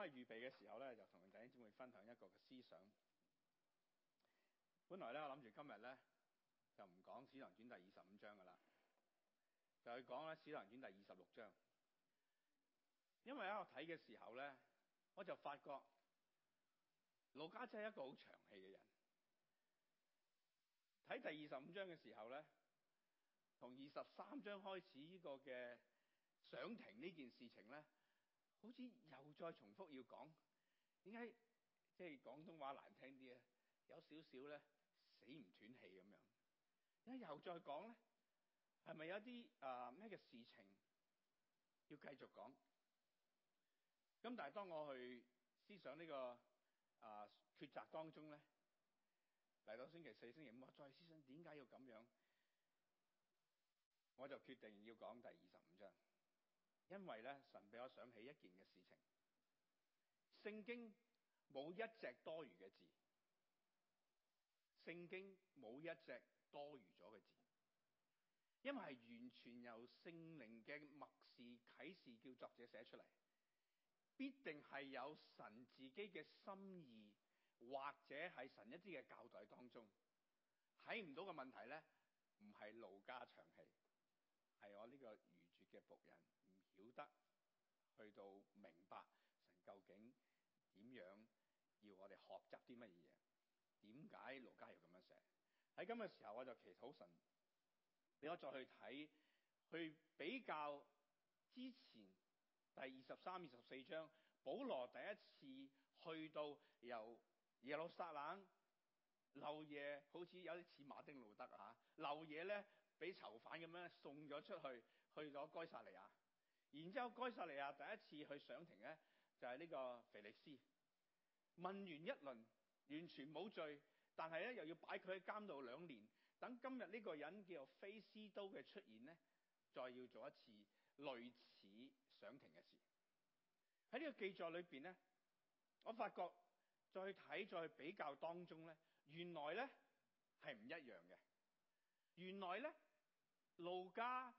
喺預備嘅時候咧，就同弟兄姊妹分享一個嘅思想。本來咧，我諗住今日咧就唔講《使徒行傳》第二十五章嘅啦，就去講咧《使徒行傳》第二十六章。因為喺我睇嘅時候咧，我就發覺盧家姐係一個好長氣嘅人。睇第二十五章嘅時候咧，從二十三章開始呢個嘅上庭呢件事情咧。好似又再重複要講，點解即係廣東話難聽啲咧？有少少咧死唔斷氣咁樣，點解又再講咧，係咪有啲啊咩嘅事情要繼續講？咁但係當我去思想呢個啊抉擇當中咧，嚟到星期四、星期五，我再思想點解要咁樣，我就決定要講第二十五章。因為咧，神俾我想起一件嘅事情。聖經冇一隻多餘嘅字，聖經冇一隻多餘咗嘅字，因為係完全由聖靈嘅默示啟示叫作者寫出嚟，必定係有神自己嘅心意，或者係神一啲嘅交代當中，睇唔到嘅問題咧，唔係奴家長氣，係我呢個愚拙嘅僕人。曉得去到明白神究竟點樣要我哋學習啲乜嘢？點解路加又咁樣寫？喺咁嘅時候，我就祈禱神俾我再去睇去比較之前第二十三、二十四章。保羅第一次去到由耶路撒冷漏夜，好似有啲似馬丁路德啊！漏夜呢，俾囚犯咁樣送咗出去，去咗該撒利亞。然之後，該撒利亞第一次去上庭咧，就係、是、呢個腓力斯問完一輪，完全冇罪，但係咧又要擺佢喺監獄兩年。等今日呢個人叫做非斯都嘅出現咧，再要做一次類似上庭嘅事。喺呢個記載裏邊咧，我發覺再睇再去比較當中咧，原來咧係唔一樣嘅。原來咧，路加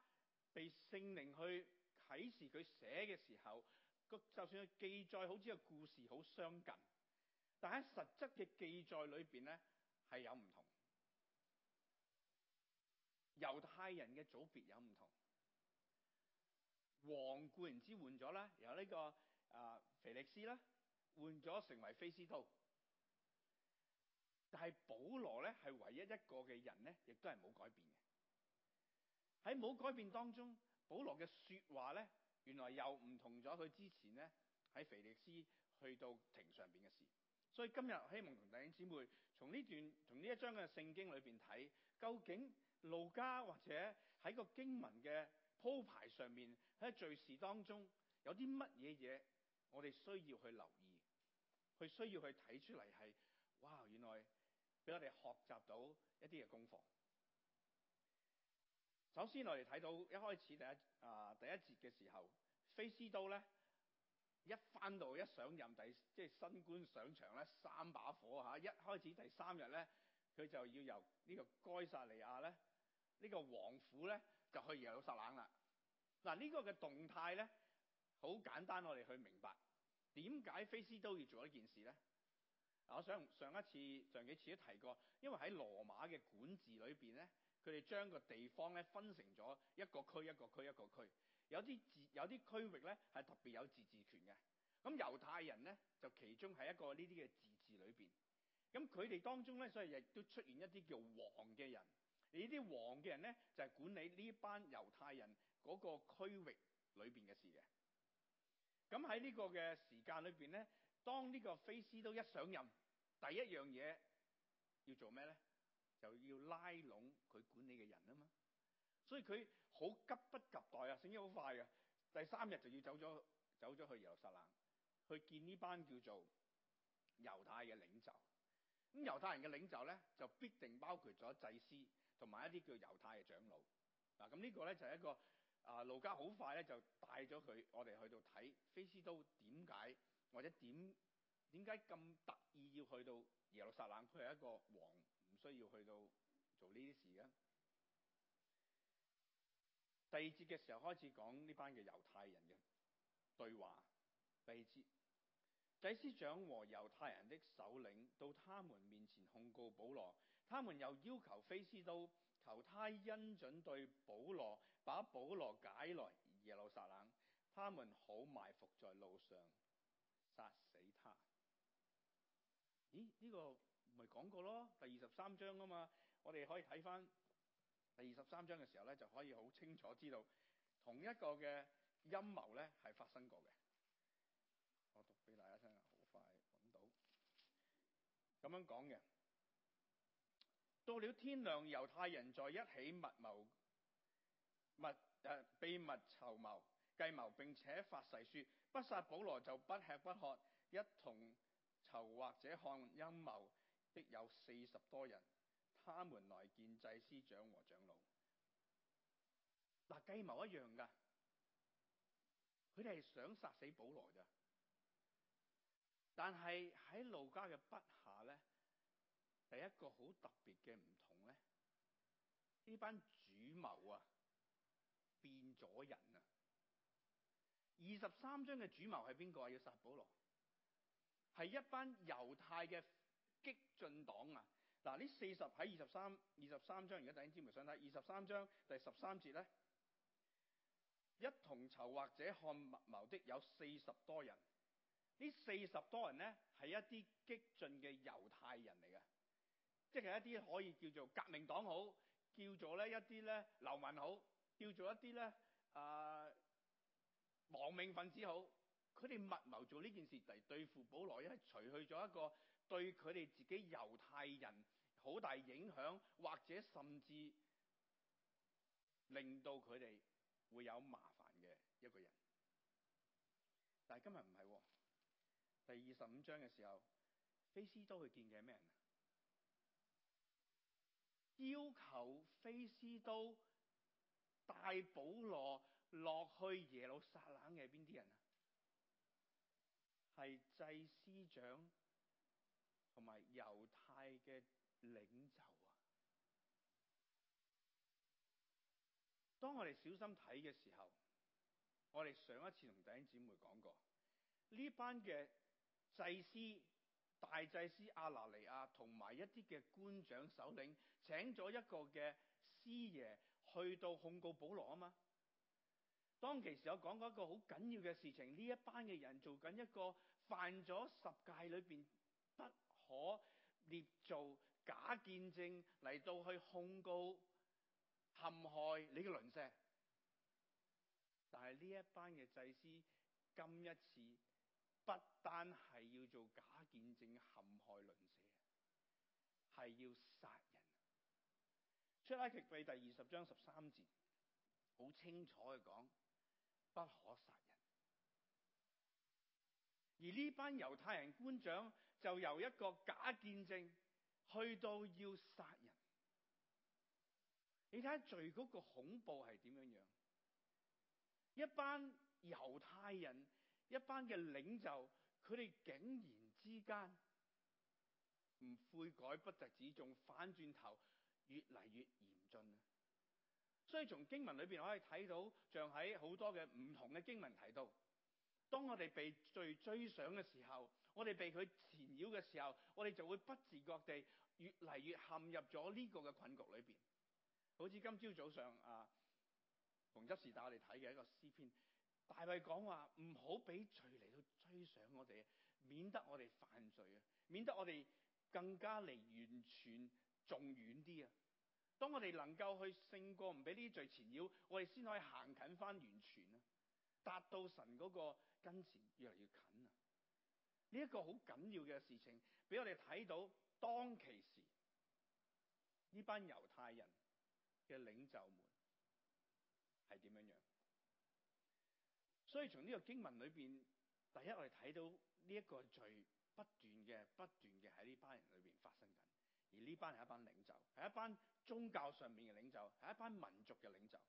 被聖靈去。睇示佢寫嘅時候，個就算佢記載好似個故事好相近，但喺實質嘅記載裏邊咧，係有唔同。猶太人嘅組別有唔同，王固然之換咗啦，由呢、這個啊腓力斯啦，換咗成為菲斯都。但係保羅咧係唯一一個嘅人咧，亦都係冇改變嘅。喺冇改變當中。保羅嘅說話咧，原來又唔同咗佢之前咧喺腓力斯去到庭上邊嘅事，所以今日希望同弟兄姊妹從呢段從呢一章嘅聖經裏邊睇，究竟路加或者喺個經文嘅鋪排上面喺敘事當中有啲乜嘢嘢，我哋需要去留意，佢需要去睇出嚟係，哇！原來俾我哋學習到一啲嘅功課。首先我哋睇到一開始第一啊，第一節嘅時候，菲斯都咧一翻到一上任第即係新官上場咧三把火嚇、啊，一開始第三日咧佢就要由個蓋薩呢個該撒利亞咧呢個王府咧就去耶路撒冷啦。嗱、啊、呢、這個嘅動態咧好簡單，我哋去明白點解菲斯都要做一件事咧？嗱、啊，我想上，上一次上幾次都提過，因為喺羅馬嘅管治裏邊咧。佢哋將個地方咧分成咗一個區一個區一個區，有啲自有啲區域咧係特別有自治權嘅。咁猶太人咧就其中係一個呢啲嘅自治裏邊。咁佢哋當中咧，所以亦都出現一啲叫王嘅人。而呢啲王嘅人咧就係、是、管理呢班猶太人嗰個區域裏邊嘅事嘅。咁喺呢個嘅時間裏邊咧，當呢個菲斯都一上任，第一樣嘢要做咩咧？就要拉攏佢管理嘅人啊嘛，所以佢好急不及待啊，醒咗好快啊。第三日就要走咗，走咗去耶路撒冷去見呢班叫做猶太嘅領袖。咁猶太人嘅領袖咧就必定包括咗祭司同埋一啲叫猶太嘅長老嗱。咁呢個咧就係、是、一個啊，路加好快咧就帶咗佢我哋去到睇非斯都點解或者點點解咁特意要去到耶路撒冷，佢係一個王。需要去到做呢啲事嘅。第二節嘅時候開始講呢班嘅猶太人嘅對話被。第二節，祭司長和猶太人的首領到他們面前控告保羅，他們又要求菲斯都求他恩准對保羅，把保羅解來耶路撒冷，他們好埋伏在路上殺死他。咦？呢、這個咪講過咯，第二十三章啊嘛，我哋可以睇翻第二十三章嘅時候咧，就可以好清楚知道同一個嘅陰謀咧係發生過嘅。我讀俾大家聽，好快揾到咁樣講嘅。到了天亮，猶太人在一起密謀、密誒、呃、秘密籌謀、計謀，並且發誓説：不殺保羅就不吃不喝，一同籌劃這項陰謀。的有四十多人，他們來見祭司長和長老。嗱，計謀一樣㗎，佢哋係想殺死保羅咋。但係喺路加嘅筆下咧，第一個好特別嘅唔同咧，呢班主謀啊變咗人啊。二十三章嘅主謀係邊個？要殺保羅係一班猶太嘅。激進黨啊！嗱，呢四十喺二十三二十三章，而家戴英之梅想睇二十三章第十三節咧，一同籌或者看密謀的有四十多人。呢四十多人咧係一啲激進嘅猶太人嚟嘅，即係一啲可以叫做革命黨好，叫做咧一啲咧流民好，叫做一啲咧啊亡命分子好。佢哋密謀做呢件事嚟對付保羅，一係除去咗一個。對佢哋自己猶太人好大影響，或者甚至令到佢哋會有麻煩嘅一個人。但係今日唔係喎，第二十五章嘅時候，菲斯都去見嘅係咩人？要求菲斯都帶保羅落去耶路撒冷嘅係邊啲人啊？係祭司長。同埋猶太嘅領袖啊！當我哋小心睇嘅時候，我哋上一次同弟兄姊妹講過，呢班嘅祭司、大祭司亞拿尼亞同埋一啲嘅官長、首領請咗一個嘅師爺去到控告保羅啊嘛。當其時我講過一個好緊要嘅事情，呢一班嘅人做緊一個犯咗十誡裏邊不可捏造假見證嚟到去控告陷害你嘅鄰舍，但係呢一班嘅祭司今一次不單係要做假見證陷害鄰舍，係要殺人。出埃及記第二十章十三節好清楚嘅講，不可殺人。而呢班猶太人官長。就由一個假見證去到要殺人，你睇下，罪惡個恐怖係點樣樣？一班猶太人、一班嘅領袖，佢哋竟然之間唔悔改不特止，仲反轉頭越嚟越嚴峻。所以從經文裏邊可以睇到，像喺好多嘅唔同嘅經文提到，當我哋被罪追上嘅時候，我哋被佢。擾嘅時候，我哋就會不自覺地越嚟越陷入咗呢個嘅困局裏邊。好似今朝早上啊，洪執事帶我哋睇嘅一個詩篇，大衛講話唔好俾罪嚟到追上我哋，免得我哋犯罪啊，免得我哋更加離完全仲遠啲啊。當我哋能夠去勝過唔俾呢啲罪纏繞，我哋先可以行近返完全啊，達到神嗰個跟前越嚟越近。呢一個好緊要嘅事情，俾我哋睇到當其時呢班猶太人嘅領袖們係點樣樣。所以從呢個經文裏邊，第一我哋睇到呢一個罪不斷嘅、不斷嘅喺呢班人裏邊發生緊，而呢班係一班領袖，係一班宗教上面嘅領袖，係一班民族嘅領袖。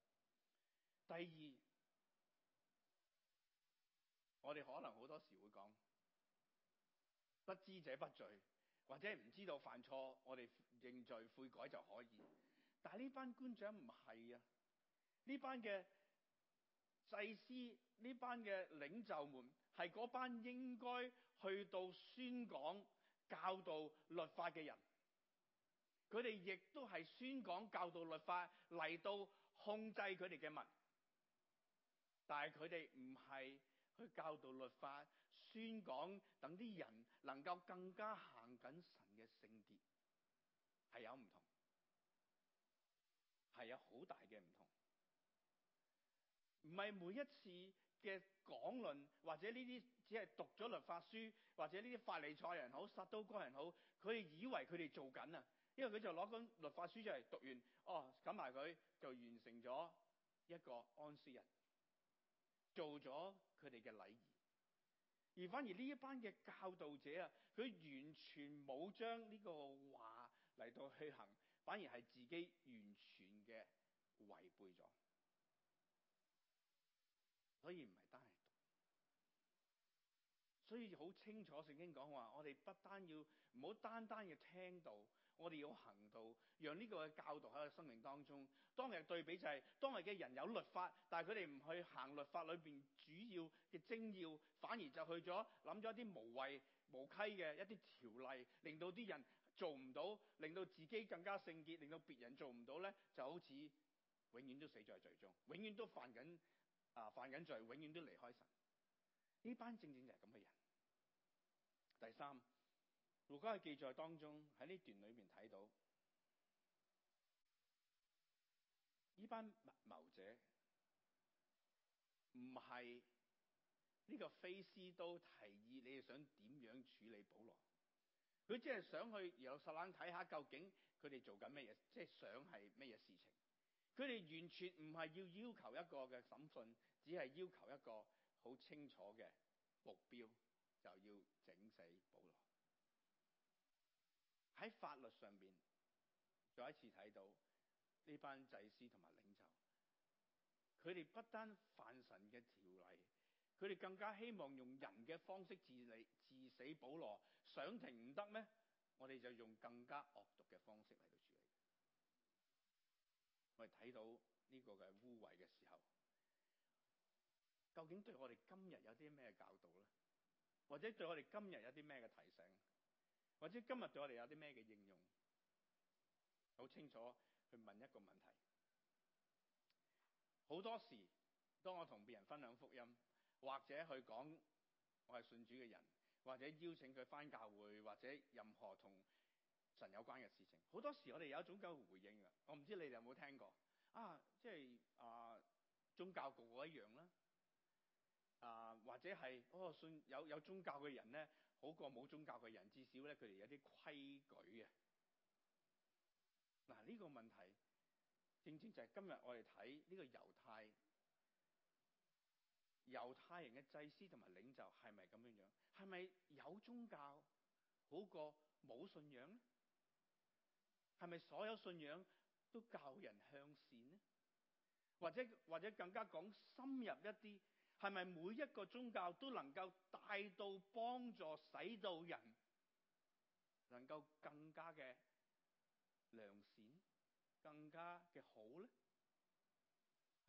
第二，我哋可能好多時會講。不知者不罪，或者唔知道犯錯，我哋認罪悔改就可以。但係呢班官長唔係啊，呢班嘅祭司，呢班嘅領袖們，係嗰班應該去到宣講、教導、律法嘅人。佢哋亦都係宣講、教導、律法嚟到控制佢哋嘅民，但係佢哋唔係去教導律法。宣講等啲人能夠更加行近神嘅聖潔，係有唔同，係有好大嘅唔同。唔係每一次嘅講論或者呢啲只係讀咗律法書或者呢啲法利賽人好、撒都該人好，佢哋以為佢哋做緊啊，因為佢就攞本律法書出嚟讀完，哦，咁埋佢就完成咗一個安息日，做咗佢哋嘅禮儀。而反而呢一班嘅教導者啊，佢完全冇將呢個話嚟到去行，反而係自己完全嘅違背咗。所以唔係單係讀，所以好清楚聖經講話，我哋不單要唔好單單嘅聽到。我哋要行道，讓呢個教導喺個生命當中。當日對比就係當日嘅人有律法，但係佢哋唔去行律法裏邊主要嘅精要，反而就去咗諗咗一啲無謂、無稽嘅一啲條例，令到啲人做唔到，令到自己更加聖潔，令到別人做唔到呢，就好似永遠都死在罪中，永遠都犯緊啊犯緊罪，永遠都離開神。呢班正正就係咁嘅人。第三。路加嘅記載當中喺呢段裏面睇到，呢班密謀者唔係呢個菲斯都提議，你哋想點樣處理保羅。佢只係想去耶路撒冷睇下究竟佢哋做緊咩嘢，即係想係咩嘢事情。佢哋完全唔係要要求一個嘅審訊，只係要求一個好清楚嘅目標，就要整死保羅。喺法律上面再一次睇到呢班祭司同埋領袖，佢哋不單犯神嘅條例，佢哋更加希望用人嘅方式治理治死保羅。上庭唔得咩？我哋就用更加惡毒嘅方式嚟到處理。我哋睇到呢個嘅污穢嘅時候，究竟對我哋今日有啲咩教導咧？或者對我哋今日有啲咩嘅提醒？或者今日對我哋有啲咩嘅應用？好清楚去問一個問題。好多時，當我同別人分享福音，或者去講我係信主嘅人，或者邀請佢返教會，或者任何同神有關嘅事情，好多時我哋有一種咁嘅回應啊！我唔知你哋有冇聽過啊？即係啊，宗教局嗰一樣啦。啊，或者係個、哦、信有有宗教嘅人咧，好過冇宗教嘅人，至少咧佢哋有啲規矩嘅。嗱、啊、呢、呢個問題，正正就係今日我哋睇呢個猶太，猶太人嘅祭司同埋領袖係咪咁樣樣？係咪有宗教好過冇信仰咧？係咪所有信仰都教人向善咧？或者或者更加講深入一啲？係咪每一個宗教都能夠帶到幫助，使到人能夠更加嘅良善、更加嘅好咧？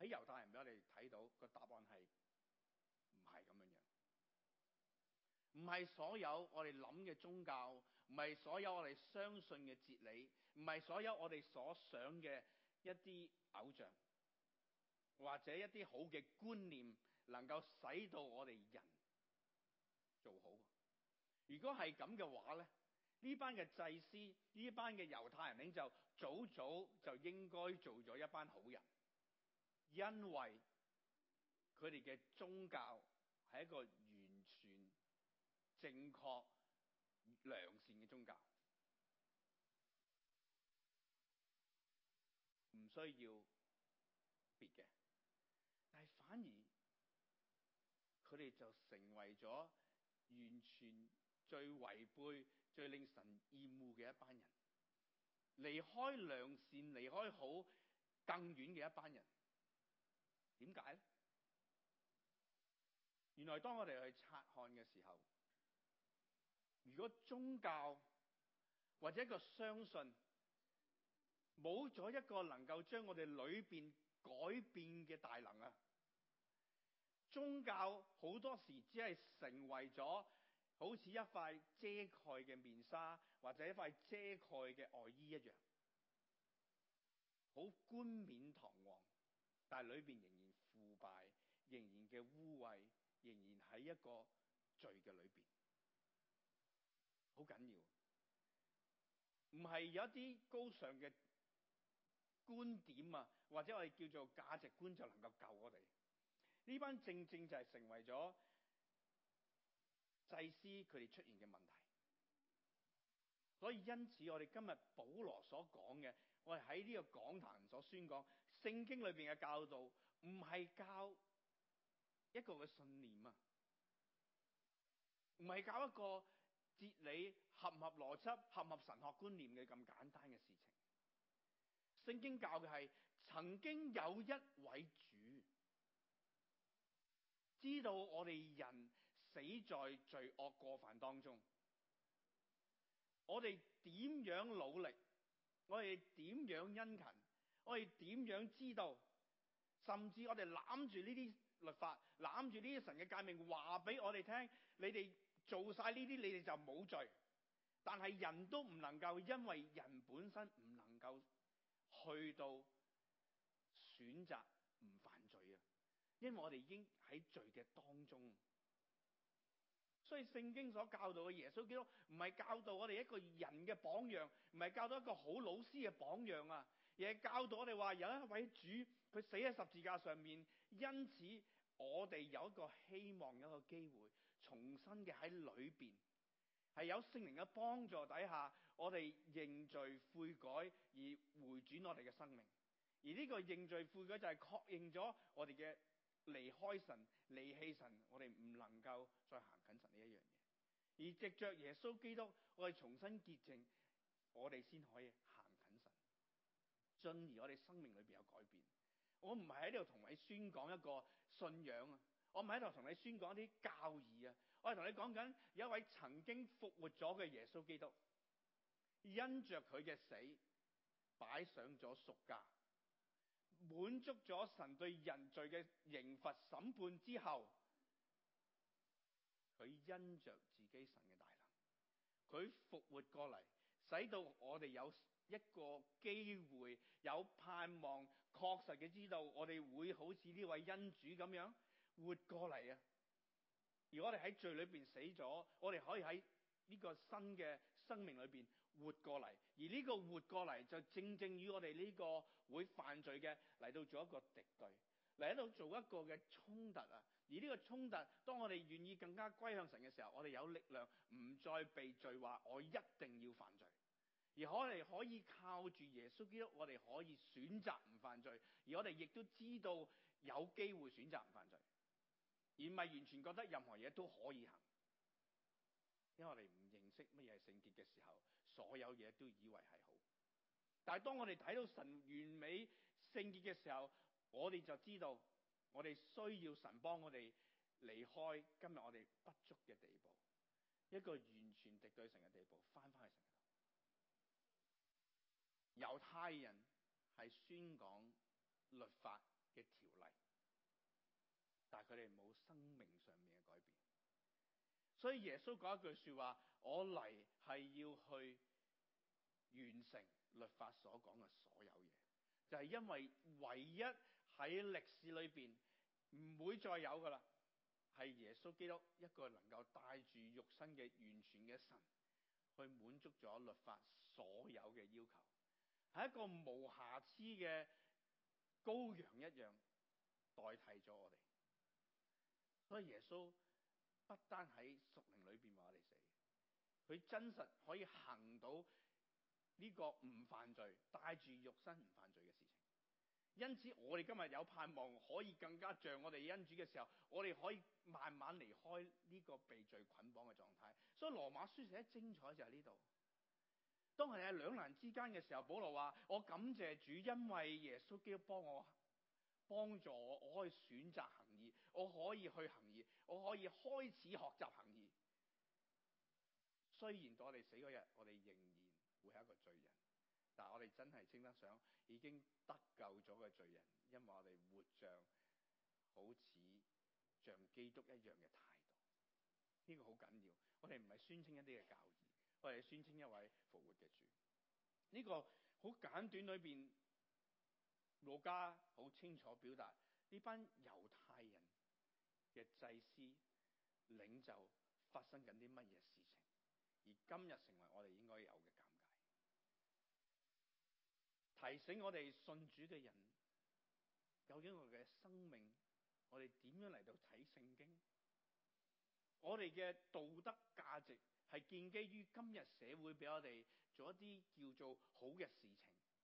喺猶太人俾我哋睇到個答案係唔係咁樣樣？唔係所有我哋諗嘅宗教，唔係所有我哋相信嘅哲理，唔係所有我哋所想嘅一啲偶像或者一啲好嘅觀念。能夠使到我哋人做好，如果係咁嘅話咧，呢班嘅祭司、呢班嘅猶太人領袖，早早就應該做咗一班好人，因為佢哋嘅宗教係一個完全正確、良善嘅宗教，唔需要。咗完全最違背、最令神厭惡嘅一班人，離開良善、離開好更遠嘅一班人，點解咧？原來當我哋去察看嘅時候，如果宗教或者一個相信冇咗一個能夠將我哋裏邊改變嘅大能啊！宗教好多時只係成為咗好似一塊遮蓋嘅面紗，或者一塊遮蓋嘅外衣一樣，好冠冕堂皇，但係裏邊仍然腐敗，仍然嘅污穢，仍然喺一個罪嘅裏邊，好緊要，唔係有一啲高尚嘅觀點啊，或者我哋叫做價值觀就能夠救我哋。呢班正正就係成為咗祭司佢哋出現嘅問題，所以因此我哋今日保羅所講嘅，我哋喺呢個講壇所宣講聖經裏邊嘅教導，唔係教一個嘅信念啊，唔係教一個哲理合唔合邏輯、合唔合神學觀念嘅咁簡單嘅事情。聖經教嘅係曾經有一位主知道我哋人死在罪惡過犯當中，我哋點樣努力，我哋點樣殷勤，我哋點樣知道，甚至我哋攬住呢啲律法，攬住呢啲神嘅誡命，話俾我哋聽：你哋做晒呢啲，你哋就冇罪。但係人都唔能夠，因為人本身唔能夠去到選擇唔犯罪啊！因為我哋已經喺罪嘅當中，所以聖經所教導嘅耶穌基督唔係教導我哋一個人嘅榜樣，唔係教導一個好老師嘅榜樣啊，而係教導我哋話有一位主，佢死喺十字架上面，因此我哋有一個希望，有一個機會，重新嘅喺裏面係有聖靈嘅幫助底下，我哋認罪悔改而回轉我哋嘅生命。而呢個認罪悔改就係確認咗我哋嘅。離開神，離棄神，我哋唔能夠再行近神呢一樣嘢。而藉着耶穌基督，我哋重新潔淨，我哋先可以行近神，進而我哋生命裏邊有改變。我唔係喺度同你宣講一個信仰啊，我唔係喺度同你宣講一啲教義啊，我係同你講緊有一位曾經復活咗嘅耶穌基督，因着佢嘅死擺上咗贖價。滿足咗神對人罪嘅刑罰審判之後，佢因着自己神嘅大能，佢復活過嚟，使到我哋有一個機會，有盼望，確實嘅知道我哋會好似呢位恩主咁樣活過嚟啊！而我哋喺罪裏邊死咗，我哋可以喺呢個新嘅。生命裏邊活過嚟，而呢個活過嚟就正正與我哋呢個會犯罪嘅嚟到做一個敵對，嚟喺度做一個嘅衝突啊！而呢個衝突，當我哋願意更加歸向神嘅時候，我哋有力量唔再被罪話我一定要犯罪，而我哋可以靠住耶穌基督，我哋可以選擇唔犯罪，而我哋亦都知道有機會選擇唔犯罪，而唔係完全覺得任何嘢都可以行，因為我哋唔。識乜嘢係聖潔嘅時候，所有嘢都以為係好。但係當我哋睇到神完美聖潔嘅時候，我哋就知道我哋需要神幫我哋離開今日我哋不足嘅地步，一個完全敵對神嘅地步，翻返去神嗰度。猶 太人係宣講律法嘅條例，但係佢哋冇生。所以耶穌講一句說話，我嚟係要去完成律法所講嘅所有嘢，就係因為唯一喺歷史裏邊唔會再有噶啦係耶穌基督一個能夠帶住肉身嘅完全嘅神，去滿足咗律法所有嘅要求，係一個無瑕疵嘅羔羊一樣代替咗我哋，所以耶穌。不單喺屬靈裏邊話我哋死，佢真實可以行到呢個唔犯罪，帶住肉身唔犯罪嘅事情。因此我哋今日有盼望可以更加像我哋恩主嘅時候，我哋可以慢慢離開呢個被罪捆綁嘅狀態。所以羅馬書寫得精彩就喺呢度。當係兩難之間嘅時候，保羅話：我感謝主，因為耶穌基督幫我，幫助我，我，我可以選擇行。我可以去行義，我可以開始學習行義。雖然到我哋死嗰日，我哋仍然會係一個罪人，但係我哋真係稱得上已經得救咗嘅罪人，因為我哋活像好似像,像基督一樣嘅態度。呢、這個好緊要，我哋唔係宣稱一啲嘅教義，我哋宣稱一位復活嘅主。呢、這個好簡短裏邊，路加好清楚表達呢班猶太。嘅祭司領袖發生緊啲乜嘢事情？而今日成為我哋應該有嘅尷尬，提醒我哋信主嘅人，究竟我嘅生命，我哋點樣嚟到睇聖經？我哋嘅道德價值係建基於今日社會俾我哋做一啲叫做好嘅事情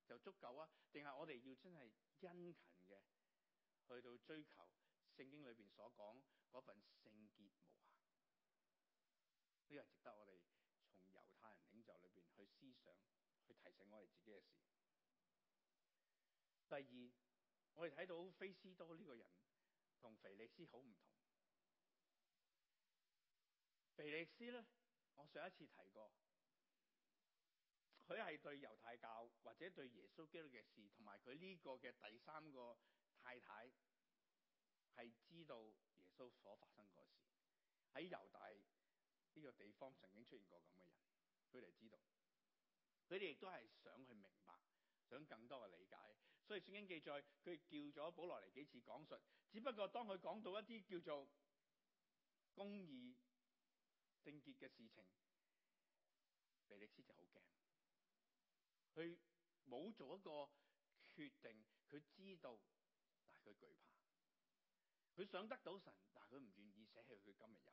就足夠啊？定係我哋要真係殷勤嘅去到追求？聖經裏面所講嗰份聖潔無限，呢個值得我哋從猶太人領袖裏面去思想，去提醒我哋自己嘅事。第二，我哋睇到菲斯多呢個人同腓力斯好唔同。腓力斯咧，我上一次提過，佢係對猶太教或者對耶穌基督嘅事，同埋佢呢個嘅第三個太太。係知道耶穌所發生過事喺猶大呢個地方曾經出現過咁嘅人，佢哋知道，佢哋亦都係想去明白，想更多嘅理解。所以《聖經》記載佢叫咗保羅嚟幾次講述，只不過當佢講到一啲叫做公義正潔嘅事情，腓力斯就好驚，佢冇做一個決定，佢知道，但係佢懼怕。佢想得到神，但係佢唔願意寫去佢今日有，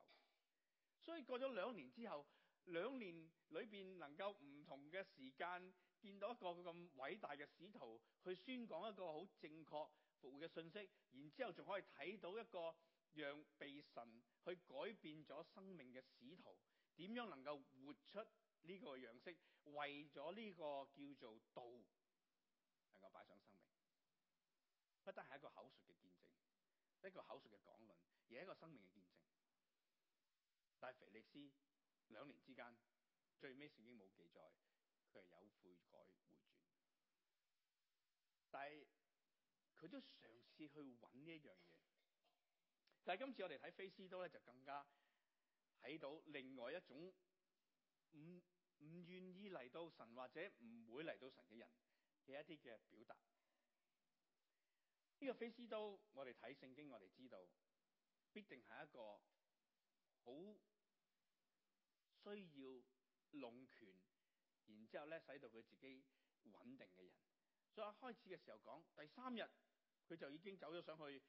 所以過咗兩年之後，兩年裏邊能夠唔同嘅時間見到一個咁偉大嘅使徒去宣講一個好正確復活嘅信息，然之後仲可以睇到一個讓被神去改變咗生命嘅使徒，點樣能夠活出呢個樣式，為咗呢個叫做道，能夠擺上生命，不單係一個口述嘅。一個口述嘅講論，而係一個生命嘅見證。但係腓力斯兩年之間，最尾聖經冇記載，佢係有悔改回轉，但係佢都嘗試去揾呢一樣嘢。但係今次我哋睇非斯都咧，就更加睇到另外一種唔唔願意嚟到神或者唔會嚟到神嘅人嘅一啲嘅表達。呢個非斯都，我哋睇聖經，我哋知道必定係一個好需要龍權，然之後咧使到佢自己穩定嘅人。所以一開始嘅時候講，第三日佢就已經走咗上去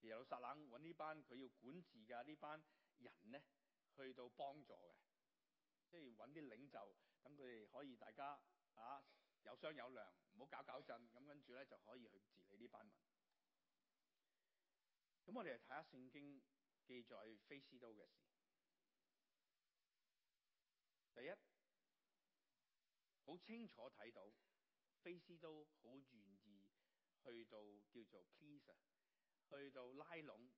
耶路撒冷揾呢班佢要管治嘅呢班人咧，去到幫助嘅，即係揾啲領袖，等佢哋可以大家啊有商有量，唔好搞搞震，咁跟住咧就可以去治理呢班民。咁我哋嚟睇下聖經記載菲斯都嘅事。第一，好清楚睇到菲斯都好願意去到叫做 please 去到拉攏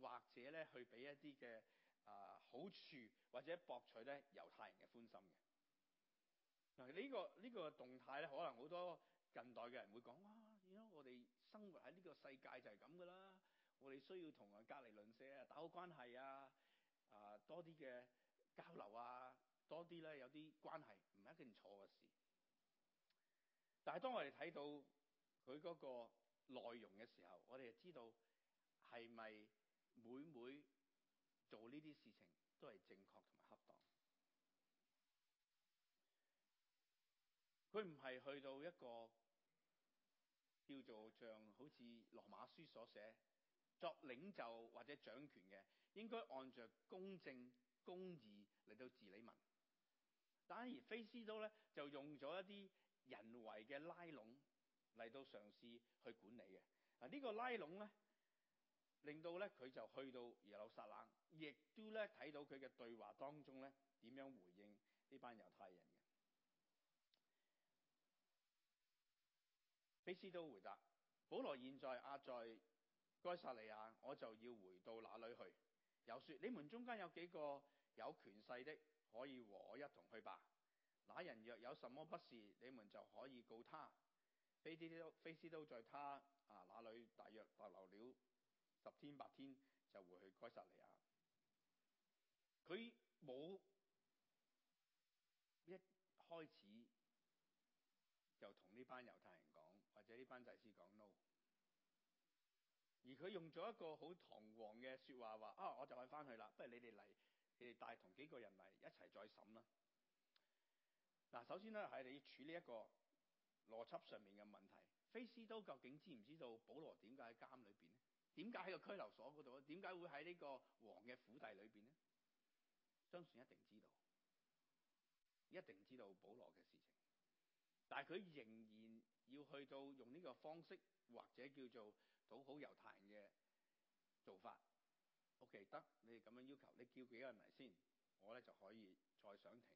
或者咧去俾一啲嘅啊好處或者博取咧猶太人嘅歡心嘅、這個。嗱呢個呢個動態咧，可能好多近代嘅人會講：哇、啊！因為我哋生活喺呢個世界就係咁噶啦。我哋需要同人隔離鄰舍啊打好關係啊，啊多啲嘅交流啊，多啲咧有啲關係唔一定錯嘅事。但係當我哋睇到佢嗰個內容嘅時候，我哋就知道係咪每每做呢啲事情都係正確同埋恰當。佢唔係去到一個叫做像好似羅馬書所寫。作領袖或者掌權嘅，應該按著公正公義嚟到治理民。但係而非斯都咧就用咗一啲人為嘅拉攏嚟到嘗試去管理嘅。嗱、啊、呢、這個拉攏咧，令到咧佢就去到耶路撒冷，亦都咧睇到佢嘅對話當中咧點樣回應呢班猶太人嘅。非斯都回答：保羅現在押在。該撒利亞，我就要回到那裏去，又說，你們中間有幾個有權勢的，可以和我一同去吧。那人若有什麼不是，你們就可以告他。非斯都在他啊，那裏大約逗留了十天、八天，就回去該撒利亞。佢冇一開始就同呢班猶太人講，或者呢班祭司講 no。而佢用咗一個好堂皇嘅説話，話啊，我就去翻去啦，不如你哋嚟，你哋帶同幾個人嚟一齊再審啦。嗱，首先咧係你處理一個邏輯上面嘅問題，菲斯都究竟知唔知道保羅點解喺監裏邊咧？點解喺個拘留所嗰度咧？點解會喺呢個王嘅府邸裏邊咧？相信一定知道，一定知道保羅嘅事情，但係佢仍然要去到用呢個方式或者叫做。做好猶太人嘅做法，OK 得，你哋咁樣要求，你叫幾個人嚟先？我咧就可以再上庭，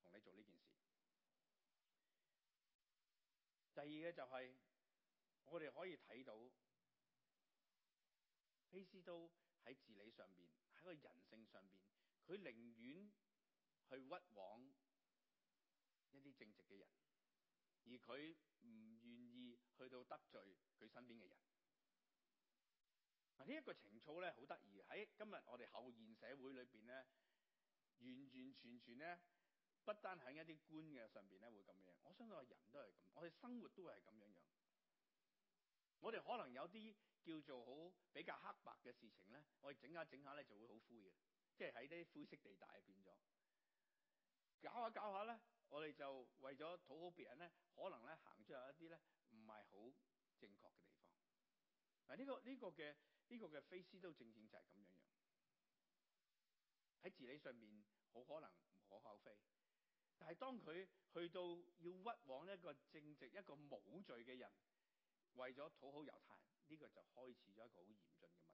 同你做呢件事。第二嘅就係，我哋可以睇到，非斯都喺治理上邊，喺個人性上邊，佢寧願去屈枉一啲正直嘅人，而佢唔願意去到得罪佢身邊嘅人。嗱，呢一個情操咧，好得意，喺今日我哋後現代社會裏邊咧，完完全全咧，不單喺一啲官嘅上邊咧會咁樣，我相信人都係咁，我哋生活都係咁樣樣。我哋可能有啲叫做好比較黑白嘅事情咧，我哋整下整下咧就會好灰嘅，即係喺啲灰色地帶變咗。搞下搞下咧，我哋就為咗討好別人咧，可能咧行出有一啲咧唔係好正確嘅地方。嗱，呢個呢個嘅。呢個嘅非斯都政權就係咁樣樣，喺治理上面好可能唔可厚非，但係當佢去到要屈枉一個正直一個冇罪嘅人，為咗討好猶太人，呢、這個就開始咗一個好嚴峻嘅問題。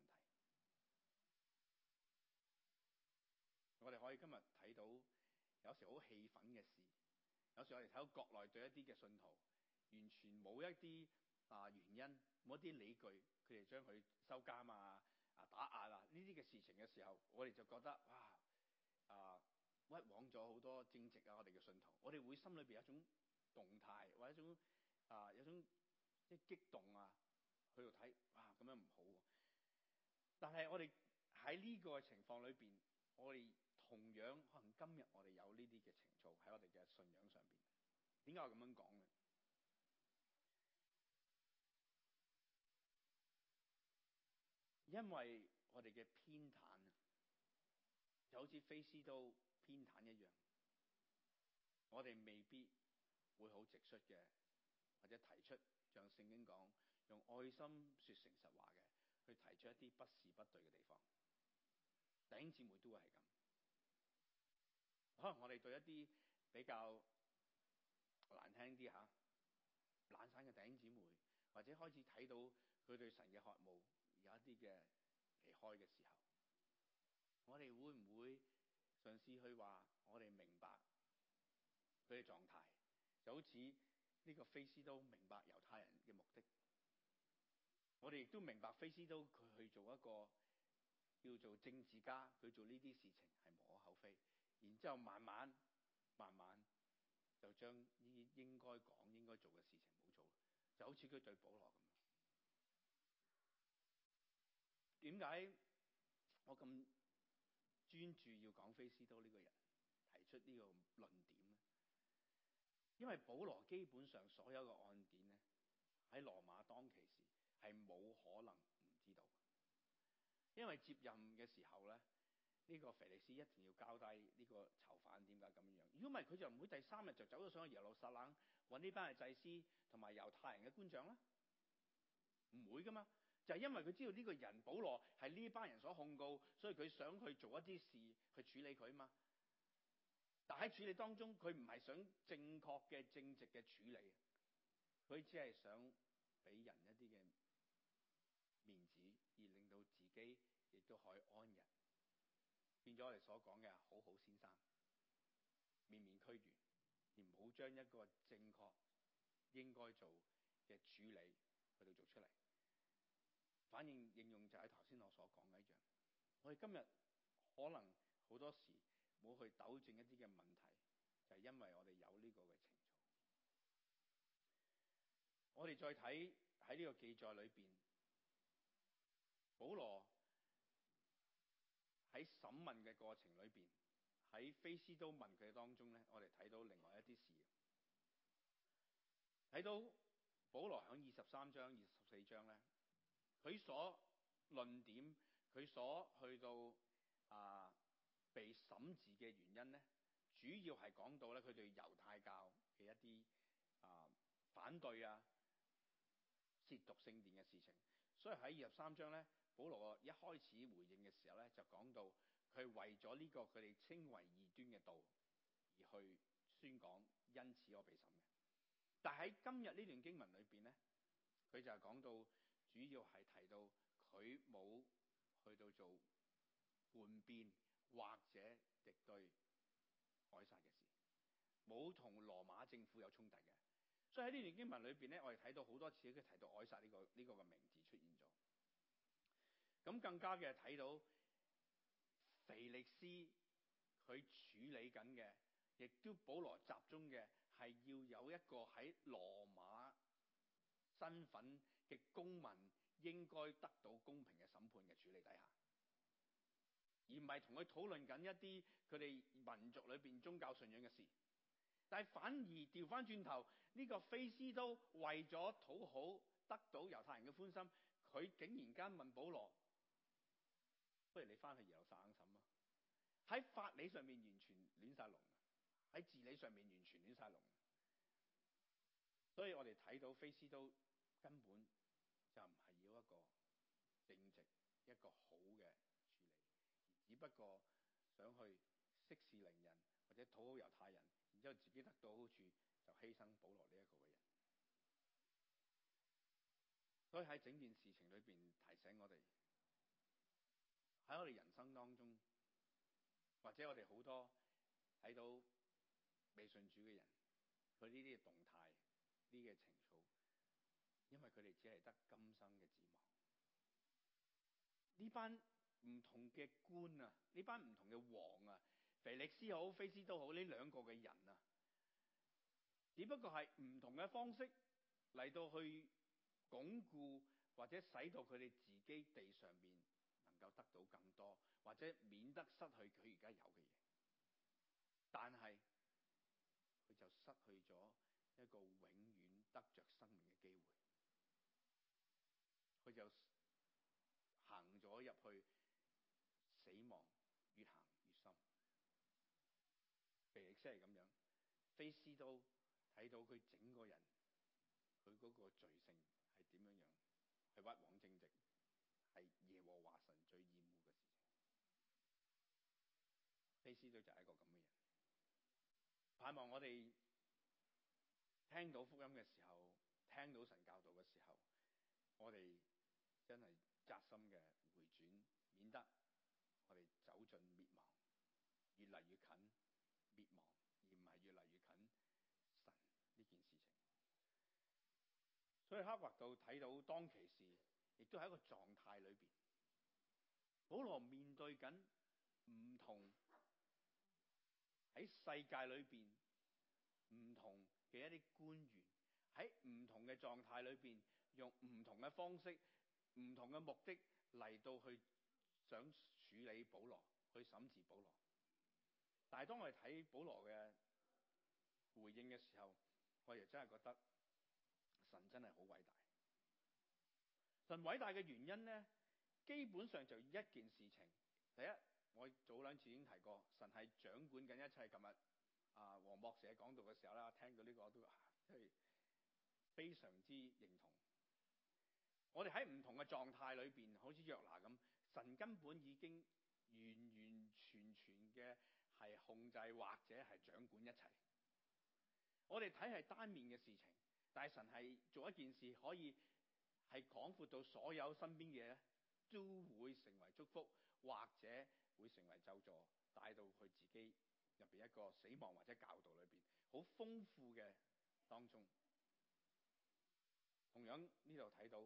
我哋可以今日睇到有時好氣憤嘅事，有時我哋睇到國內對一啲嘅信徒完全冇一啲。啊，原因冇一啲理據，佢哋將佢收監啊，啊打壓啊呢啲嘅事情嘅時候，我哋就覺得哇，啊屈枉咗好多正直啊我哋嘅信徒，我哋會心裏邊有一種動態或者一種啊有種激動啊去度睇哇咁樣唔好、啊。但係我哋喺呢個情況裏邊，我哋同樣可能今日我哋有呢啲嘅情操喺我哋嘅信仰上邊。點解我咁樣講咧？因為我哋嘅偏袒，就好似非斯都偏袒一樣，我哋未必會好直率嘅，或者提出，像聖經講用愛心說誠實話嘅，去提出一啲不是不對嘅地方。弟兄姊妹都會係咁，可能我哋對一啲比較難聽啲吓、懶散嘅弟兄姊妹，或者開始睇到佢對神嘅渴慕。一啲嘅離開嘅時候，我哋會唔會嘗試去話我哋明白佢嘅狀態，就好似呢個菲斯都明白猶太人嘅目的，我哋亦都明白菲斯都佢去做一個叫做政治家，佢做呢啲事情係無可厚非。然之後慢慢慢慢就將呢啲應該講應該做嘅事情冇做，就好似佢對保羅咁。點解我咁專注要講菲斯都呢個人提出呢個論點咧？因為保羅基本上所有嘅案件咧，喺羅馬當其時係冇可能唔知道，因為接任嘅時候咧，呢個腓利斯一定要交代呢個囚犯點解咁樣。如果唔係，佢就唔會第三日就走咗上去耶路撒冷揾呢班祭司同埋猶太人嘅官長啦，唔會噶嘛。就係因為佢知道呢個人保羅係呢班人所控告，所以佢想去做一啲事去處理佢嘛。但喺處理當中，佢唔係想正確嘅正直嘅處理，佢只係想俾人一啲嘅面子，而令到自己亦都可以安逸。變咗我哋所講嘅好好先生，面面俱圓，而唔好將一個正確應該做嘅處理去到做出嚟。反應應用就係頭先我所講嘅一樣。我哋今日可能好多時冇去糾正一啲嘅問題，就係因為我哋有呢個嘅情況。我哋再睇喺呢個記載裏邊，保羅喺審問嘅過程裏邊，喺菲斯都問佢當中咧，我哋睇到另外一啲事，睇到保羅響二十三章、二十四章咧。佢所論點，佢所去到啊被審視嘅原因咧，主要係講到咧佢哋猶太教嘅一啲啊反對啊，褻瀆聖殿嘅事情。所以喺二十三章咧，保羅啊一開始回應嘅時候咧，就講到佢係為咗呢個佢哋稱為異端嘅道而去宣講，因此我被審嘅。但喺今日呢段經文裏邊咧，佢就係講到。主要係提到佢冇去到做叛變或者敵對凱撒嘅事，冇同羅馬政府有衝突嘅。所以喺呢段經文裏邊咧，我哋睇到好多次都提到凱撒呢個呢個嘅名字出現咗。咁更加嘅睇到腓力斯佢處理緊嘅，亦都保羅集中嘅係要有一個喺羅馬身份嘅公民應該得到公平嘅審判嘅處理底下，而唔係同佢討論緊一啲佢哋民族裏邊宗教信仰嘅事。但係反而調翻轉頭，呢、這個菲斯都為咗討好得到猶太人嘅歡心，佢竟然間問保羅，不如你翻去耶路撒冷審啊！喺法理上面完全亂晒龍，喺治理上面完全亂晒龍。所以我哋睇到菲斯都。根本就唔係要一個正直，一個好嘅處理，只不過想去息事寧人，或者討好猶太人，然之後自己得到好處就犧牲保羅呢一個嘅人。所以喺整件事情裏邊提醒我哋，喺我哋人生當中，或者我哋好多睇到未信主嘅人，佢呢啲動態呢啲嘅情。因為佢哋只係得今生嘅指望，呢班唔同嘅官啊，呢班唔同嘅王啊，腓力斯好，非斯都好，呢兩個嘅人啊，只不過係唔同嘅方式嚟到去鞏固，或者使到佢哋自己地上面能夠得到更多，或者免得失去佢而家有嘅嘢，但係佢就失去咗一個永遠得着生命嘅機會。就行咗入去，死亡越行越深，腓力斯係咁樣，非斯都睇到佢整個人，佢嗰個罪性係點樣樣，係屈枉正直，係耶和華神最厭惡嘅事情。非斯都就係一個咁嘅人。盼望我哋聽到福音嘅時候，聽到神教導嘅時候，我哋。真係扎心嘅回轉，免得我哋走進滅亡，越嚟越近滅亡，而唔係越嚟越近神呢件事情。所以刻畫到睇到當其時，亦都係一個狀態裏邊。保羅面對緊唔同喺世界裏邊唔同嘅一啲官員，喺唔同嘅狀態裏邊，用唔同嘅方式。唔同嘅目的嚟到去想處理保羅，去審視保羅。但係當我哋睇保羅嘅回應嘅時候，我哋真係覺得神真係好偉大。神偉大嘅原因咧，基本上就一件事情。第一，我早兩次已經提過，神係掌管緊一切。琴日啊，黃博士講道嘅時候啦，聽到呢個我都即係、啊、非常之認同。我哋喺唔同嘅狀態裏邊，好似約拿咁，神根本已經完完全全嘅係控制或者係掌管一切。我哋睇係單面嘅事情，但係神係做一件事可以係廣闊到所有身邊嘅嘢咧，都會成為祝福，或者會成為咒詛，帶到佢自己入邊一個死亡或者教導裏邊，好豐富嘅當中。同樣呢度睇到。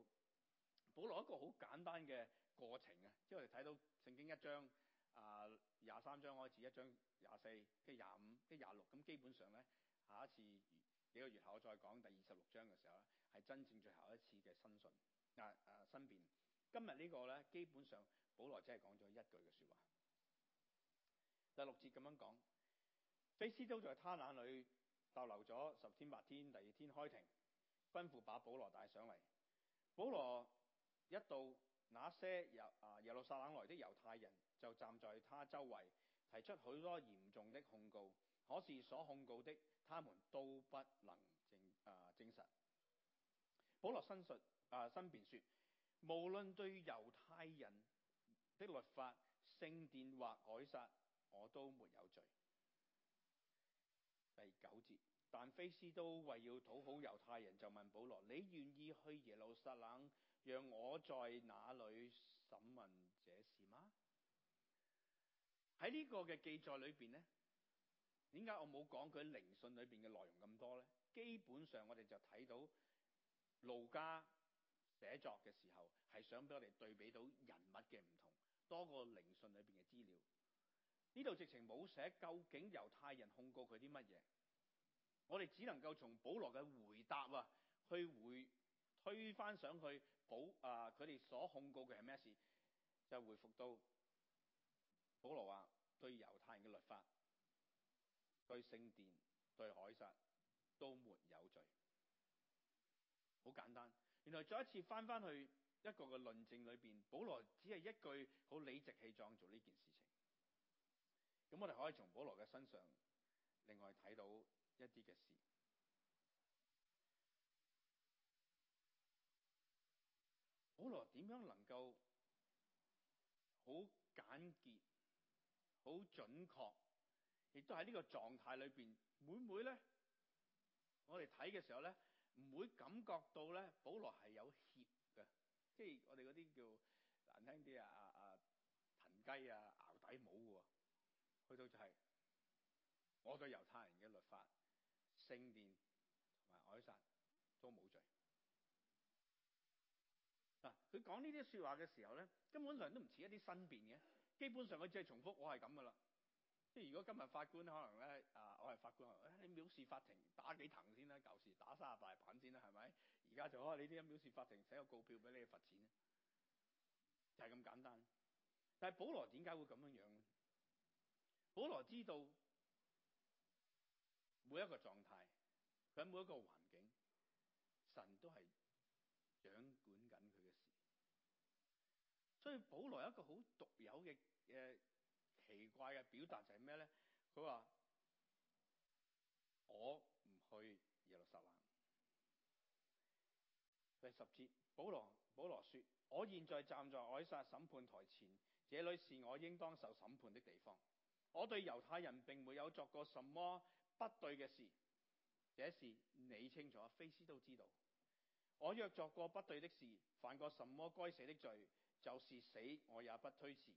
保羅一個好簡單嘅過程啊，即係我哋睇到聖經一章啊廿三章開始一章廿四，即住廿五，即廿六，咁基本上咧，下一次幾個月後我再講第二十六章嘅時候咧，係真正最後一次嘅申訊啊啊申辯。今日呢個咧，基本上保羅只係講咗一句嘅說話。第六節咁樣講，非斯都在他那裏逗留咗十天八天，第二天開庭，吩咐把保羅帶上嚟，保羅。一到那些由啊耶路撒冷來的猶太人就站在他周圍，提出許多嚴重的控告。可是所控告的，他們都不能證啊、呃、證實。保羅申述啊申辯說，無論對猶太人的律法、聖殿或凱撒，我都沒有罪。第九節，但菲斯都為要討好猶太人，就問保羅：你願意去耶路撒冷，讓我在哪裏審問這事嗎？喺呢個嘅記載裏面呢，點解我冇講佢聆訊裏面嘅內容咁多呢？基本上我哋就睇到路加寫作嘅時候係想畀我哋對比到人物嘅唔同，多過聆訊裏面嘅資料。呢度直情冇寫究竟猶太人控告佢啲乜嘢。我哋只能夠從保羅嘅回答啊去。推返上去保啊！呃、佢哋所控告嘅係咩事？就回覆到保羅話，對猶太人嘅律法、對聖殿、對該撒都沒有罪。好簡單，原來再一次返返去一個嘅論證裏邊，保羅只係一句好理直氣壯做呢件事情。咁我哋可以從保羅嘅身上另外睇到一啲嘅事。保羅點樣能夠好簡潔、好準確，亦都喺呢個狀態裏邊，會唔會咧？我哋睇嘅時候咧，唔會感覺到咧，保羅係有怯嘅，即係我哋嗰啲叫難聽啲啊啊啊，騰雞啊，熬、啊、底冇嘅、啊。去到就係我對猶太人嘅律法、聖殿。佢講呢啲説話嘅時候咧，根本上都唔似一啲申辯嘅，基本上佢只係重複我係咁噶啦。即係如果今日法官可能咧啊，我係法官，你藐視法庭，打幾藤先啦、啊？舊時打三十大板先啦、啊，係咪？而家就開、啊、你啲藐視法庭，寫個告票俾你罰錢，就係、是、咁簡單。但係保羅點解會咁樣樣咧？保羅知道每一個狀態，佢喺每一個環境，神都係。所以，保羅有一個好獨有嘅誒、呃、奇怪嘅表達就係咩呢？佢話：我唔去耶路撒冷。第十節，保羅保羅説：我現在站在凱撒審判台前，這裡是我應當受審判的地方。我對猶太人並沒有作過什麼不對嘅事，這事你清楚，非斯都知道。我若作過不對的事，犯過什麼該死的罪？就是死，我也不推辭。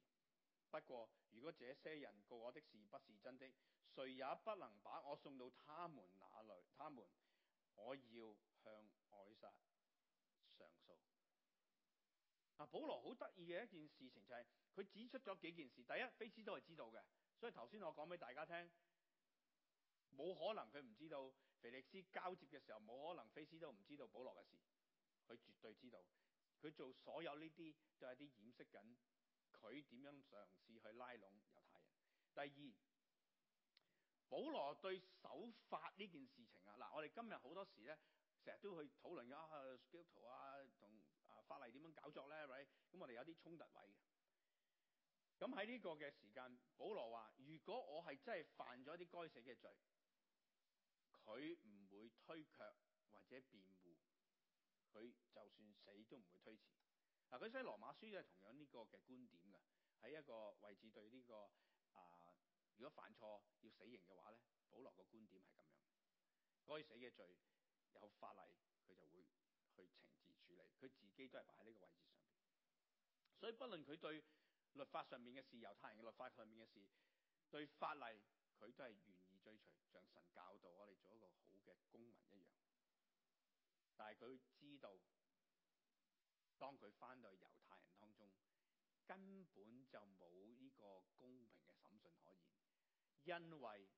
不過如果這些人告我的事不是真的，誰也不能把我送到他們那裏。他們，我要向凱撒上訴。啊，保羅好得意嘅一件事情就係、是、佢指出咗幾件事。第一，菲斯都係知道嘅，所以頭先我講俾大家聽，冇可能佢唔知道腓力斯交接嘅時候，冇可能菲斯都唔知道保羅嘅事，佢絕對知道。佢做所有呢啲都係啲掩飾緊，佢點樣嘗試去拉攏猶太人。第二，保羅對守法呢件事情常常啊，嗱、啊啊，我哋今日好多時咧，成日都去討論一下基督徒啊，同啊法例點樣搞作咧，咁我哋有啲衝突位嘅。咁喺呢個嘅時間，保羅話，如果我係真係犯咗啲該死嘅罪，佢唔會推卻或者辯護。佢就算死都唔會推辭。嗱，佢寫羅馬書咧，同樣呢個嘅觀點嘅，喺一個位置對呢、呢個啊、呃，如果犯錯要死刑嘅話咧，保羅個觀點係咁樣，該死嘅罪有法例，佢就會去懲治處理。佢自己都係擺喺呢個位置上邊，所以不論佢對律法上面嘅事、猶太人嘅律法上面嘅事，對法例佢都係願意追隨，像神教導我哋做一個好嘅公民一樣。但係佢知道，當佢返到去猶太人當中，根本就冇呢個公平嘅審訊可言，因為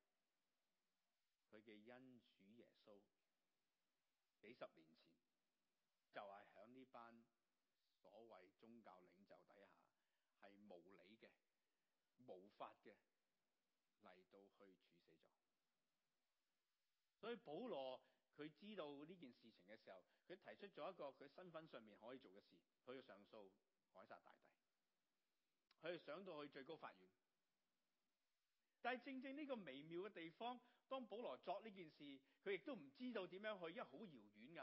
佢嘅恩主耶穌幾十年前就係響呢班所謂宗教領袖底下係無理嘅、無法嘅嚟到去處死咗，所以保羅。佢知道呢件事情嘅時候，佢提出咗一個佢身份上面可以做嘅事，佢要上訴凱撒大帝，佢就上到去最高法院。但係正正呢個微妙嘅地方，當保羅作呢件事，佢亦都唔知道點樣去，因為好遙遠㗎。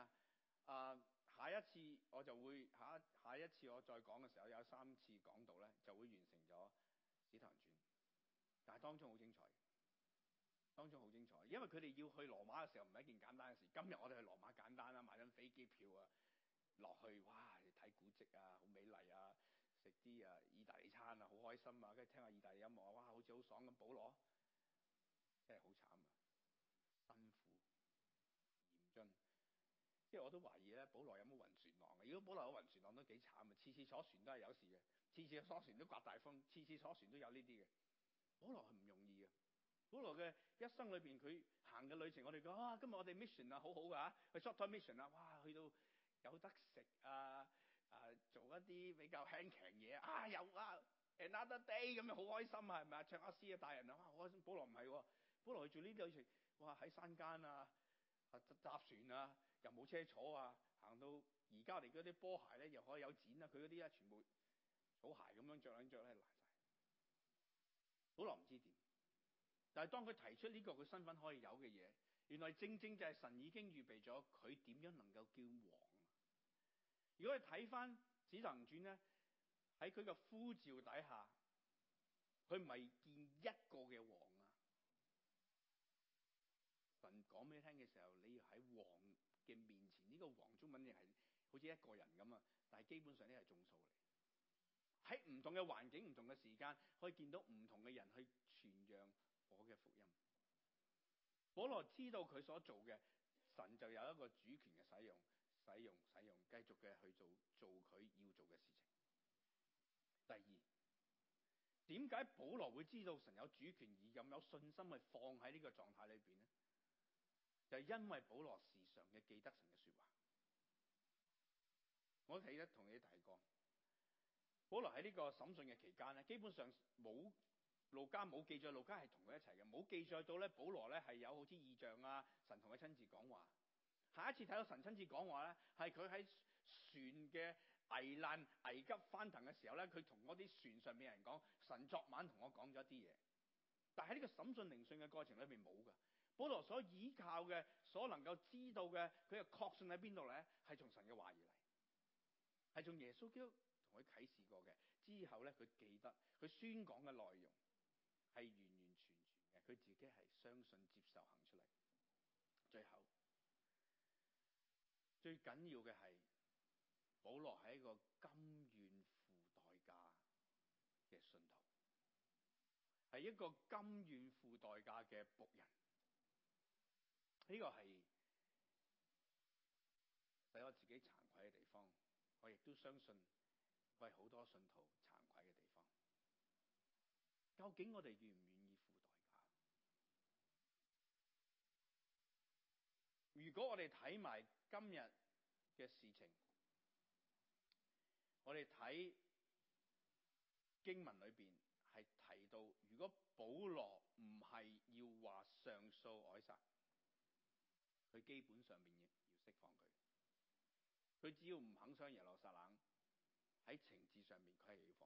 啊、呃，下一次我就會下下一次我再講嘅時候，有三次講到咧，就會完成咗使徒行傳。但係當中好精彩，當中好精彩。因為佢哋要去羅馬嘅時候唔係一件簡單嘅事。今日我哋去羅馬簡單啦，買張飛機票啊，落去哇你睇古蹟啊，好美麗啊，食啲啊意大利餐啊，好開心啊，跟住聽下意大利音樂啊，哇好似好爽咁。保羅真係好慘啊，辛苦嚴峻。因為我都懷疑咧，保羅有冇暈船浪？如果保羅有暈船浪都幾慘啊！次次坐船都係有事嘅，次次坐船都刮大風，次次坐船都有呢啲嘅。保羅係唔容易嘅。保羅嘅一生裏邊，佢行嘅旅程我，我哋講啊，今日我哋 mission 啊，好好噶，去 shorter mission 啊，哇、啊，去到有得食啊，啊，做一啲比較輕強嘢啊，又啊，another day 咁、嗯、樣，好開心啊，係咪啊，唱阿詩啊，大人啊，哇，好開心。保羅唔係，保羅去做呢啲旅程，哇，喺山間啊，啊，搭船啊，又冇車坐啊，行到而家嚟，嗰啲波鞋咧，又可以有剪啊，佢嗰啲啊，全部草鞋咁樣着兩着咧，爛晒。保羅唔知點。但係當佢提出呢個佢身份可以有嘅嘢，原來正正就係神已經預備咗佢點樣能夠叫王。如果你睇翻《使徒行傳》咧，喺佢嘅呼召底下，佢唔係見一個嘅王啊！神講俾你聽嘅時候，你要喺王嘅面前，呢個王中文亦係好似一個人咁啊，但係基本上呢係眾數嚟。喺唔同嘅環境、唔同嘅時間，可以見到唔同嘅人去傳揚。我嘅福音，保羅知道佢所做嘅，神就有一個主權嘅使用，使用，使用，繼續嘅去做做佢要做嘅事情。第二，點解保羅會知道神有主權而咁有，有信心去放喺呢個狀態裏邊咧？就係，因為保羅時常嘅記得神嘅說話。我記得同你提過，保羅喺呢個審訊嘅期間咧，基本上冇。路加冇記載，路加係同佢一齊嘅，冇記載到咧。保羅咧係有好之異象啊！神同佢親自講話。下一次睇到神親自講話咧，係佢喺船嘅危難危急翻騰嘅時候咧，佢同嗰啲船上面人講：神昨晚同我講咗啲嘢。但係呢個審訊聆訊嘅過程裏邊冇㗎。保羅所依靠嘅、所能夠知道嘅，佢嘅確信喺邊度咧？係從神嘅話而嚟，係從耶穌基督同佢啟示過嘅。之後咧，佢記得佢宣講嘅內容。係完完全全嘅，佢自己係相信、接受、行出嚟。最後，最緊要嘅係保羅係一個甘願付代價嘅信徒，係一個甘願付代價嘅僕人。呢個係使我自己慚愧嘅地方。我亦都相信，為好多信徒，究竟我哋願唔願意付代價？如果我哋睇埋今日嘅事情，我哋睇經文裏邊係提到，如果保羅唔係要話上訴凱撒，佢基本上面要釋放佢，佢只要唔肯傷耶路撒冷，喺情志上面佢係要。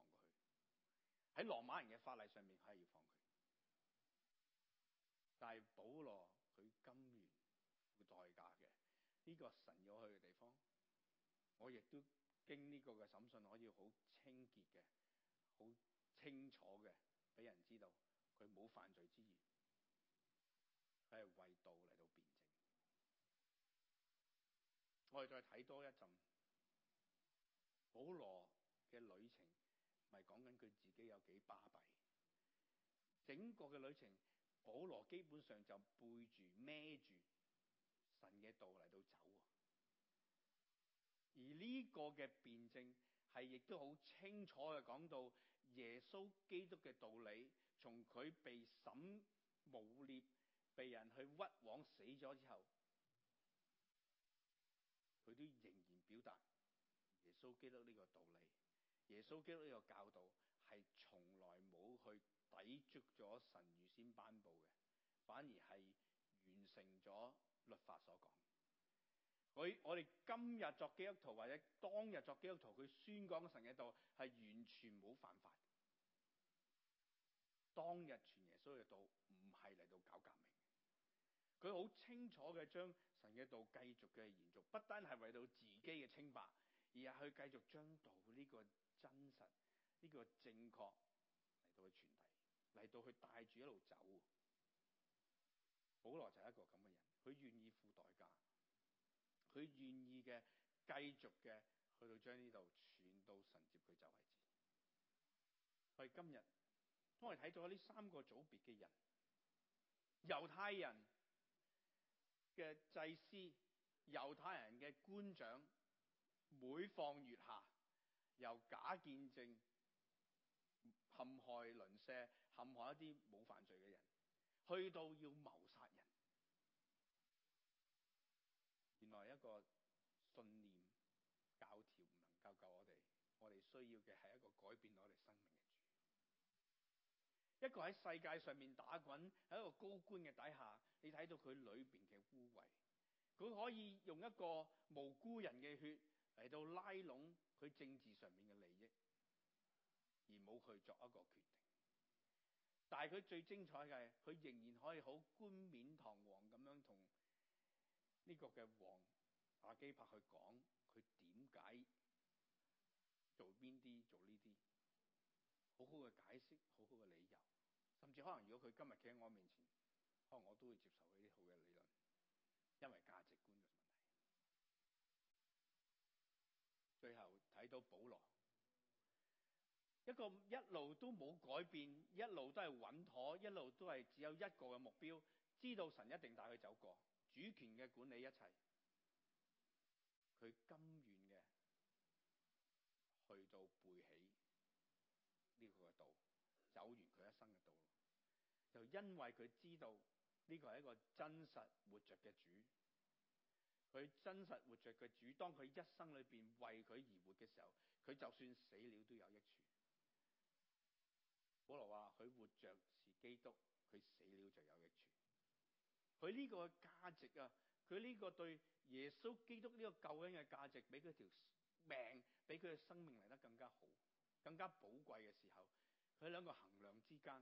喺羅馬人嘅法例上面係要放佢，但係保羅佢甘願付代價嘅呢個神要去嘅地方，我亦都經呢個嘅審訊可以好清潔嘅、好清楚嘅俾人知道佢冇犯罪之意，佢係為道嚟到辯證。我哋再睇多一陣保羅嘅女。佢自己有幾巴閉，整個嘅旅程，保羅基本上就背住孭住神嘅道嚟到走。而呢個嘅辯證係亦都好清楚嘅講到耶穌基督嘅道理，從佢被審誣衊、被人去屈枉死咗之後，佢都仍然表達耶穌基督呢個道理，耶穌基督呢個教導。係從來冇去抵觸咗神預先頒布嘅，反而係完成咗律法所講。佢我哋今日作基督徒或者當日作基督徒，佢宣講神嘅道係完全冇犯法。當日傳耶穌嘅道唔係嚟到搞革命，佢好清楚嘅將神嘅道繼續嘅延續，不單係為到自己嘅清白，而係去繼續將道呢個真實。呢個正確嚟到佢傳遞，嚟到佢帶住一路走。保羅就係一個咁嘅人，佢願意付代價，佢願意嘅繼續嘅去到將呢度傳到神接佢就為止。喺今日，我哋睇咗呢三個組別嘅人：猶太人嘅祭司、猶太人嘅官長、每況愈下，由假見證。嘅，陷害一啲冇犯罪嘅人，去到要謀殺人，原來一個信念教條唔能夠救我哋，我哋需要嘅係一個改變我哋生命嘅主。一個喺世界上面打滾喺一個高官嘅底下，你睇到佢裏邊嘅污穢，佢可以用一個無辜人嘅血嚟到拉攏佢政治上面嘅利益，而冇去作一個決定。但係佢最精彩嘅，佢仍然可以好冠冕堂皇咁樣同呢個嘅王阿基柏去講，佢點解做邊啲做呢啲，好好嘅解釋，好好嘅理由，甚至可能如果佢今日企喺我面前，可能我都會接受佢啲好嘅理論，因為價值觀嘅問題。最後睇到保羅。一個一路都冇改變，一路都係穩妥，一路都係只有一個嘅目標。知道神一定帶佢走過，主權嘅管理一切。佢甘願嘅去到背起呢個嘅道，走完佢一生嘅道路。就因為佢知道呢個係一個真實活著嘅主，佢真實活著嘅主。當佢一生裏邊為佢而活嘅時候，佢就算死了都有益處。保羅話：佢活着是基督，佢死了就有益處。佢呢個價值啊，佢呢個對耶穌基督呢個救恩嘅價值，比佢條命，比佢嘅生命嚟得更加好，更加寶貴嘅時候，佢兩個衡量之間，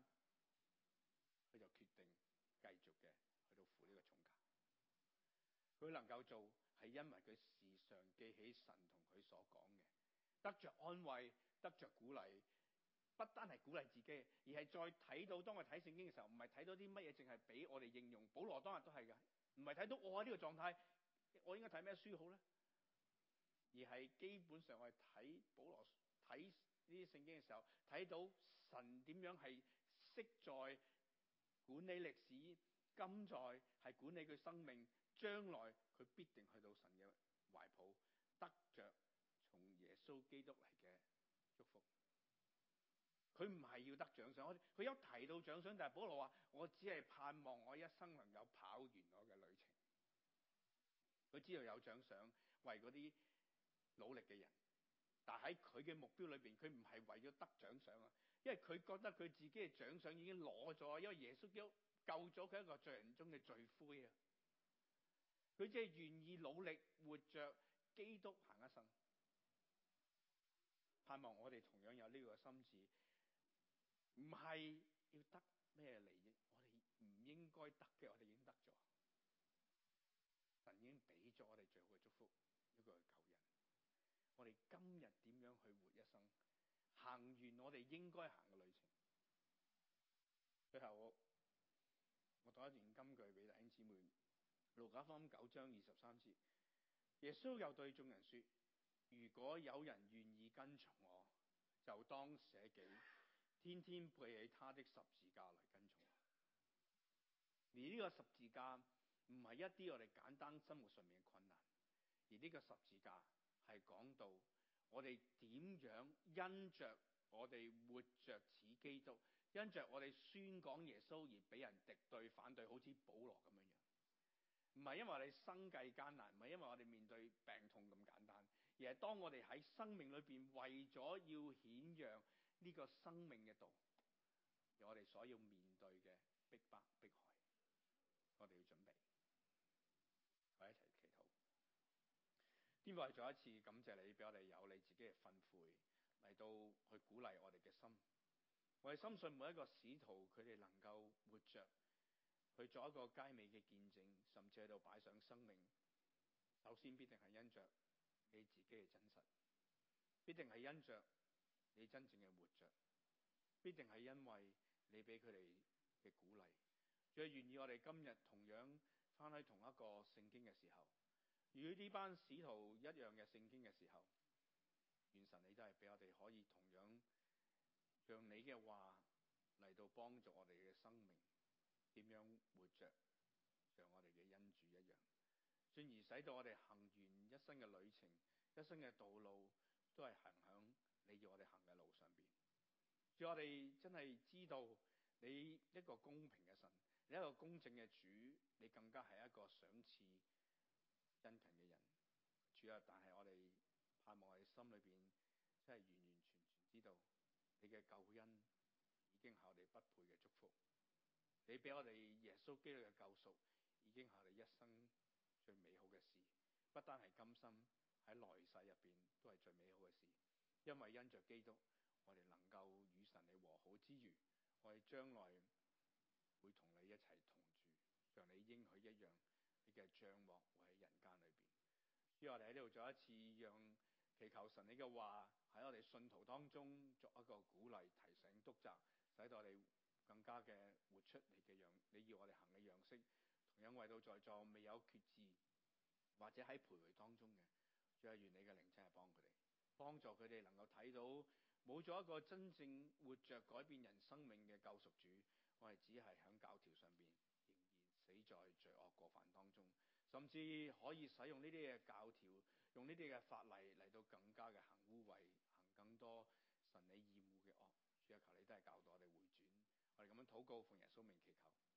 佢就決定繼續嘅去到付呢個重價。佢能夠做，係因為佢時常記起神同佢所講嘅，得着安慰，得着鼓勵。不單係鼓勵自己，而係再睇到，當我睇聖經嘅時候，唔係睇到啲乜嘢，淨係俾我哋應用。保羅當日都係嘅，唔係睇到我喺呢個狀態，我應該睇咩書好咧？而係基本上我係睇保羅睇呢啲聖經嘅時候，睇到神點樣係昔在管理歷史，今在係管理佢生命，將來佢必定去到神嘅懷抱，得着從耶穌基督嚟嘅。佢唔係要得獎賞，佢有提到獎賞，但係保羅話：我只係盼望我一生能夠跑完我嘅旅程。佢知道有獎賞為嗰啲努力嘅人，但係喺佢嘅目標裏邊，佢唔係為咗得獎賞啊，因為佢覺得佢自己嘅獎賞已經攞咗，因為耶穌已經救咗佢一個罪人中嘅罪魁啊。佢只係願意努力，活着基督行一生，盼望我哋同樣有呢個心志。唔係要得咩利益，我哋唔應該得嘅，我哋已經得咗。神已經俾咗我哋最好嘅祝福，一個係救人，人。我哋今日點樣去活一生，行完我哋應該行嘅旅程。最後我我讀一段金句俾弟兄姊妹，路加福音九章二十三節，耶穌又對眾人說：如果有人願意跟從我，就當捨己。天天背起他的十字架嚟跟從，而呢個十字架唔係一啲我哋簡單生活上面嘅困難，而呢個十字架係講到我哋點樣因着我哋活着似基督，因着我哋宣講耶穌而俾人敵對反對，好似保羅咁樣樣，唔係因為你生計艱難，唔係因為我哋面對病痛咁簡單，而係當我哋喺生命裏邊為咗要顯讓。呢個生命嘅度，道，由我哋所要面對嘅逼迫逼害，我哋要準備，我一齊祈禱。天父，我再一次感謝你俾我哋有你自己嘅悔悔，嚟到去鼓勵我哋嘅心。我哋深信每一個使徒佢哋能夠活着去做一個佳美嘅見證，甚至喺度擺上生命。首先必定係因着你自己嘅真實，必定係因着。你真正嘅活着，必定係因為你俾佢哋嘅鼓勵，最有願意我哋今日同樣翻喺同一個聖經嘅時候，與呢班使徒一樣嘅聖經嘅時候，願神你都係俾我哋可以同樣讓你嘅話嚟到幫助我哋嘅生命點樣活着，像我哋嘅恩主一樣，進而使到我哋行完一生嘅旅程，一生嘅道路都係行向。你要我哋行嘅路上邊，叫我哋真係知道你一個公平嘅神，你一個公正嘅主，你更加係一個賞賜恩勤嘅人，主啊！但係我哋盼望喺心裏邊，真係完完全全知道你嘅救恩已經係我哋不配嘅祝福，你俾我哋耶穌基督嘅救贖已經係我哋一生最美好嘅事，不單係今生，喺來世入邊都係最美好嘅事。因為因着基督，我哋能夠與神你和好之餘，我哋將來會同你一齊同住，像你應許一樣，你嘅帳幕會喺人間裏邊。所以我哋喺呢度再一次讓祈求神你嘅話喺我哋信徒當中作一個鼓勵、提醒、督責，使到我哋更加嘅活出你嘅樣，你要我哋行嘅樣式。同樣為到在座未有決志或者喺徘徊當中嘅，最願你嘅靈親係幫佢哋。幫助佢哋能夠睇到冇咗一個真正活着改變人生命嘅救贖主，我哋只係響教條上邊仍然死在罪惡過犯當中，甚至可以使用呢啲嘅教條，用呢啲嘅法例嚟到更加嘅行污穢，行更多神理厭惡嘅惡。主啊，求你都係教導我哋回轉，我哋咁樣禱告奉耶穌名祈求。